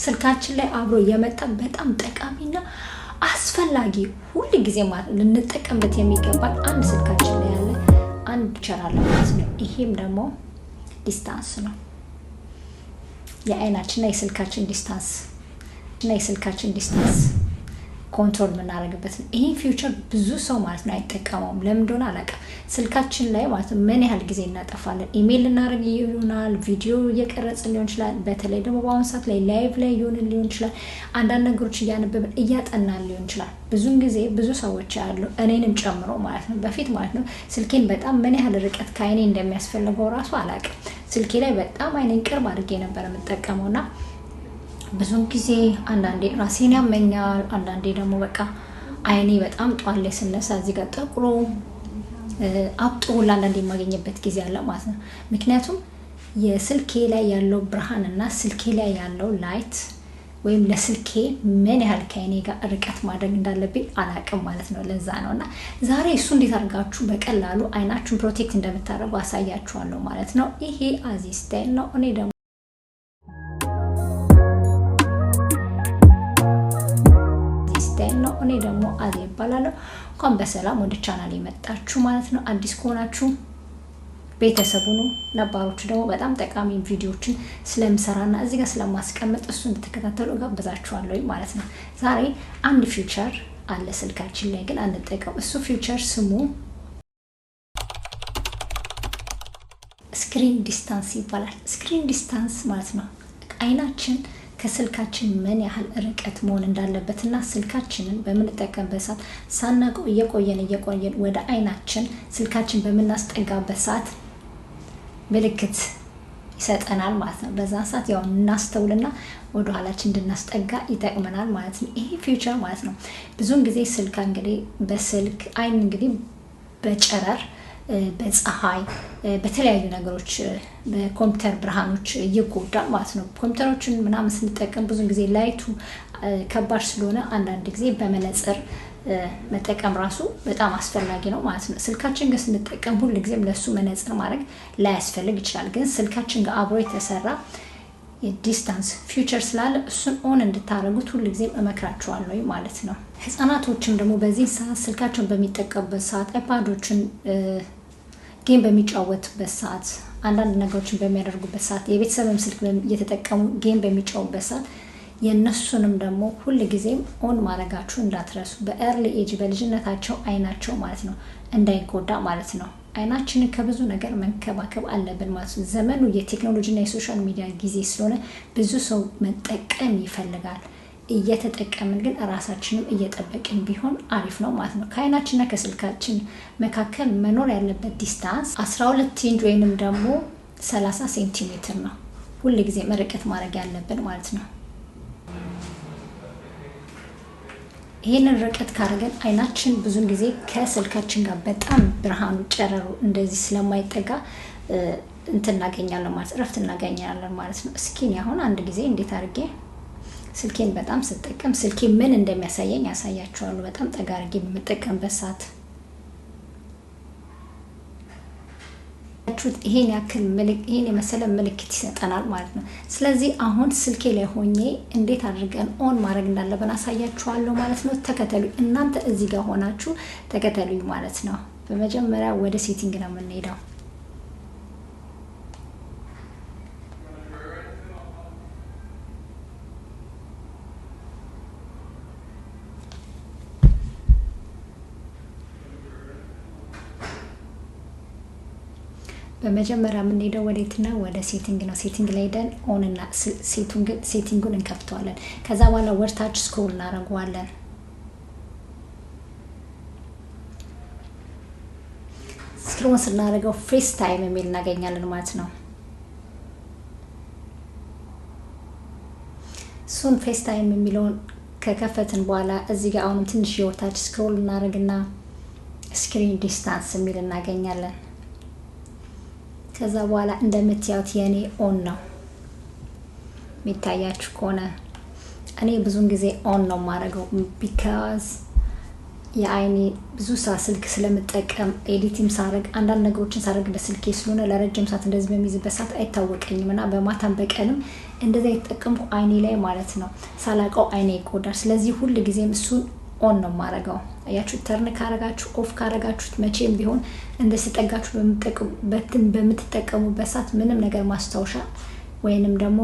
ስልካችን ላይ አብሮ የመጣ በጣም ጠቃሚና አስፈላጊ ሁል ጊዜ ልንጠቀምበት የሚገባል አንድ ስልካችን ላይ ያለ አንድ ፒቸር ማለት ነው። ይሄም ደግሞ ዲስታንስ ነው። የአይናችንና የስልካችን ዲስታንስ እና የስልካችን ዲስታንስ ኮንትሮል የምናደርግበት ነው። ይሄ ፊውቸር ብዙ ሰው ማለት ነው አይጠቀመውም። ለምን እንደሆነ አላውቅም። ስልካችን ላይ ማለት ነው ምን ያህል ጊዜ እናጠፋለን? ኢሜይል ልናደርግ ይሆናል፣ ቪዲዮ እየቀረጽን ሊሆን ይችላል። በተለይ ደግሞ በአሁኑ ሰዓት ላይ ላይቭ ላይ የሆንን ሊሆን ይችላል። አንዳንድ ነገሮች እያነበብን እያጠናን ሊሆን ይችላል። ብዙን ጊዜ ብዙ ሰዎች ያሉ እኔንም ጨምሮ ማለት ነው በፊት ማለት ነው ስልኬን በጣም ምን ያህል ርቀት ከአይኔ እንደሚያስፈልገው ራሱ አላውቅም። ስልኬ ላይ በጣም አይኔን ቅርብ አድርጌ ነበር የምጠቀመውና ብዙ ጊዜ አንዳንዴ ራሴን ያመኛል። አንዳንዴ ደግሞ በቃ አይኔ በጣም ጧለ ስነሳ እዚህ ጋር ጠቁሮ አብጦ ሁላ አንዳንዴ የማገኝበት ጊዜ አለ ማለት ነው። ምክንያቱም የስልኬ ላይ ያለው ብርሃን እና ስልኬ ላይ ያለው ላይት ወይም ለስልኬ ምን ያህል ከእኔ ጋር ርቀት ማድረግ እንዳለብኝ አላቅም ማለት ነው። ለዛ ነው እና ዛሬ እሱ እንዴት አድርጋችሁ በቀላሉ አይናችሁን ፕሮቴክት እንደምታደርጉ አሳያችኋለሁ ማለት ነው። ይሄ አዚስታይል ነው። እኔ ደግሞ እኔ ደግሞ አዜ ይባላለሁ። እንኳን በሰላም ወደ ቻናል የመጣችሁ ማለት ነው። አዲስ ከሆናችሁ ቤተሰቡ ነው፣ ነባሮቹ ደግሞ በጣም ጠቃሚ ቪዲዮዎችን ስለምሰራና እዚህ ጋር ስለማስቀምጥ እሱ እንድትከታተሉ ጋብዛችኋለሁ ማለት ነው። ዛሬ አንድ ፊውቸር አለ ስልካችን ላይ ግን አንጠቀም። እሱ ፊውቸር ስሙ ስክሪን ዲስታንስ ይባላል። ስክሪን ዲስታንስ ማለት ነው አይናችን ከስልካችን ምን ያህል ርቀት መሆን እንዳለበት ና ስልካችንን በምንጠቀምበት ሰዓት ሳናውቀው እየቆየን እየቆየን ወደ አይናችን ስልካችን በምናስጠጋበት ሰዓት ምልክት ይሰጠናል ማለት ነው። በዛ ሰዓት ያው እናስተውልና ወደ ኋላችን እንድናስጠጋ ይጠቅመናል ማለት ነው። ይሄ ፊውቸር ማለት ነው። ብዙውን ጊዜ ስልካ እንግዲህ በስልክ አይን እንግዲህ በጨረር በፀሐይ በተለያዩ ነገሮች በኮምፒውተር ብርሃኖች ይጎዳል ማለት ነው። ኮምፒውተሮችን ምናምን ስንጠቀም ብዙ ጊዜ ላይቱ ከባድ ስለሆነ አንዳንድ ጊዜ በመነጽር መጠቀም ራሱ በጣም አስፈላጊ ነው ማለት ነው። ስልካችን ጋር ስንጠቀም ሁል ጊዜም ለሱ መነጽር ማድረግ ላያስፈልግ ይችላል። ግን ስልካችን ጋር አብሮ የተሰራ ዲስታንስ ፊውቸር ስላለ እሱን ኦን እንድታደርጉት ሁልጊዜም እመክራችኋለሁ ማለት ነው። ህጻናቶችም ደግሞ በዚህ ሰዓት ስልካቸውን በሚጠቀሙበት ሰዓት አይፓዶችን ጌም በሚጫወትበት ሰዓት አንዳንድ ነገሮችን በሚያደርጉበት ሰዓት የቤተሰብም ስልክ እየተጠቀሙ ጌም በሚጫወቱበት ሰዓት የእነሱንም ደግሞ ሁል ጊዜም ኦን ማድረጋችሁ እንዳትረሱ። በኤርሊ ኤጅ በልጅነታቸው አይናቸው ማለት ነው እንዳይጎዳ ማለት ነው። አይናችንን ከብዙ ነገር መንከባከብ አለብን ማለት ነው። ዘመኑ የቴክኖሎጂና የሶሻል ሚዲያ ጊዜ ስለሆነ ብዙ ሰው መጠቀም ይፈልጋል። እየተጠቀምን ግን ራሳችንም እየጠበቅን ቢሆን አሪፍ ነው ማለት ነው። ከአይናችንና ከስልካችን መካከል መኖር ያለበት ዲስታንስ 12 ኢንች ወይንም ደግሞ 30 ሴንቲሜትር ነው ሁል ጊዜ ርቀት ማድረግ ያለብን ማለት ነው። ይህንን ርቀት ካደረገን አይናችን ብዙን ጊዜ ከስልካችን ጋር በጣም ብርሃኑ ጨረሩ እንደዚህ ስለማይጠጋ እንትን እናገኛለን ማለት እረፍት እናገኛለን ማለት ነው። እስኪ ያሁን አንድ ጊዜ እንዴት አድርጌ ስልኬን በጣም ስጠቀም ስልኬ ምን እንደሚያሳየኝ ያሳያቸዋሉ። በጣም ጠጋርጊ በምጠቀምበት ሰዓት ይሄን ያክል ይሄን የመሰለ ምልክት ይሰጠናል ማለት ነው። ስለዚህ አሁን ስልኬ ላይ ሆኜ እንዴት አድርገን ኦን ማድረግ እንዳለብን አሳያችኋለሁ ማለት ነው። ተከተሉ። እናንተ እዚህ ጋር ሆናችሁ ተከተሉኝ ማለት ነው። በመጀመሪያ ወደ ሴቲንግ ነው የምንሄደው። በመጀመሪያ የምንሄደው ወዴት ነው? ወደ ሴቲንግ ነው። ሴቲንግ ላይ ደን ኦን እና ሴቲንጉን እንከፍተዋለን። ከዛ በኋላ ወርታች ስክሮል እናደርገዋለን። ስክሮን ስናደርገው ፍሪስ ታይም የሚል እናገኛለን ማለት ነው። እሱን ፌስ ታይም የሚለውን ከከፈትን በኋላ እዚህ ጋር አሁንም ትንሽ የወርታች ስክሮል እናደርግና ስክሪን ዲስታንስ የሚል እናገኛለን። ከዛ በኋላ እንደምትያዩት የኔ ኦን ነው የሚታያችሁ ከሆነ እኔ ብዙን ጊዜ ኦን ነው የማደርገው ቢካዝ የአይኔ ብዙ ሰ ስልክ ስለምጠቀም ኤዲቲም ሳረግ አንዳንድ ነገሮችን ሳረግ በስልኬ ስለሆነ ለረጅም ሰዓት እንደዚህ በሚይዝበት ሰዓት አይታወቀኝም እና በማታም በቀንም እንደዚ የተጠቀምኩ አይኔ ላይ ማለት ነው ሳላቀው አይኔ ይቆዳል ስለዚህ ሁል ጊዜም እሱን ኦን ነው የማደርገው። አያችሁት። ተርን ካረጋችሁ ኦፍ ካረጋችሁት መቼም ቢሆን እንደ ስጠጋችሁ በምትጠቀሙበት ሰዓት ምንም ነገር ማስታወሻ ወይንም ደግሞ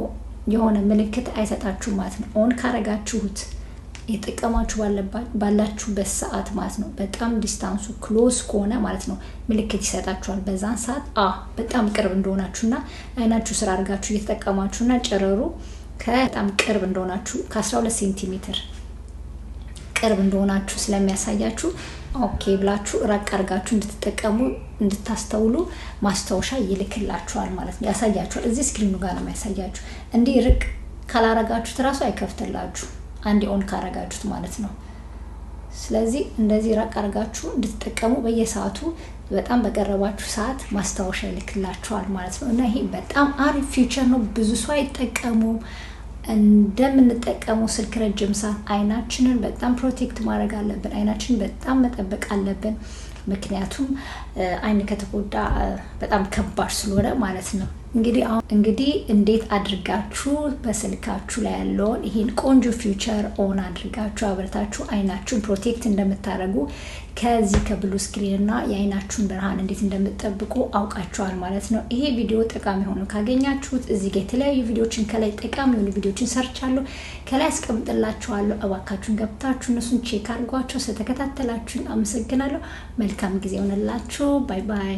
የሆነ ምልክት አይሰጣችሁ ማለት ነው። ኦን ካረጋችሁት የጠቀማችሁ ባላችሁበት ሰዓት ማለት ነው። በጣም ዲስታንሱ ክሎዝ ከሆነ ማለት ነው ምልክት ይሰጣችኋል። በዛን ሰዓት አ በጣም ቅርብ እንደሆናችሁና አይናችሁ ስራ አድርጋችሁ እየተጠቀማችሁና ጨረሩ ከበጣም ቅርብ እንደሆናችሁ ከ12 ሴንቲሜትር ቅርብ እንደሆናችሁ ስለሚያሳያችሁ ኦኬ ብላችሁ ራቅ አድርጋችሁ እንድትጠቀሙ እንድታስተውሉ ማስታወሻ ይልክላችኋል ማለት ነው፣ ያሳያችኋል። እዚህ ስክሪኑ ጋር ነው የሚያሳያችሁ። እንዲህ ርቅ ካላረጋችሁት ራሱ አይከፍትላችሁ፣ አንድ ኦን ካረጋችሁት ማለት ነው። ስለዚህ እንደዚህ ራቅ አድርጋችሁ እንድትጠቀሙ በየሰዓቱ በጣም በቀረባችሁ ሰዓት ማስታወሻ ይልክላችኋል ማለት ነው እና ይሄ በጣም አሪፍ ፊውቸር ነው። ብዙ ሰው አይጠቀሙም። እንደምንጠቀመው ስልክ ረጅም ሰዓት አይናችንን በጣም ፕሮቴክት ማድረግ አለብን። አይናችንን በጣም መጠበቅ አለብን። ምክንያቱም አይን ከተጎዳ በጣም ከባድ ስለሆነ ማለት ነው። እንግዲህ እንዴት አድርጋችሁ በስልካችሁ ላይ ያለውን ይህን ቆንጆ ፊውቸር ኦን አድርጋችሁ አብረታችሁ አይናችሁን ፕሮቴክት እንደምታደርጉ ከዚህ ከብሉ ስክሪን እና የአይናችሁን ብርሃን እንዴት እንደምጠብቁ አውቃችኋል ማለት ነው። ይሄ ቪዲዮ ጠቃሚ ሆኖ ካገኛችሁት እዚህ ጋ የተለያዩ ቪዲዮችን ከላይ ጠቃሚ የሆኑ ቪዲዮችን ሰርቻለሁ፣ ከላይ አስቀምጥላችኋለሁ። እባካችሁን ገብታችሁ እነሱን ቼክ አድርጓቸው። ስለተከታተላችሁን አመሰግናለሁ። መልካም ጊዜ ሆነላችሁ። ባይ ባይ።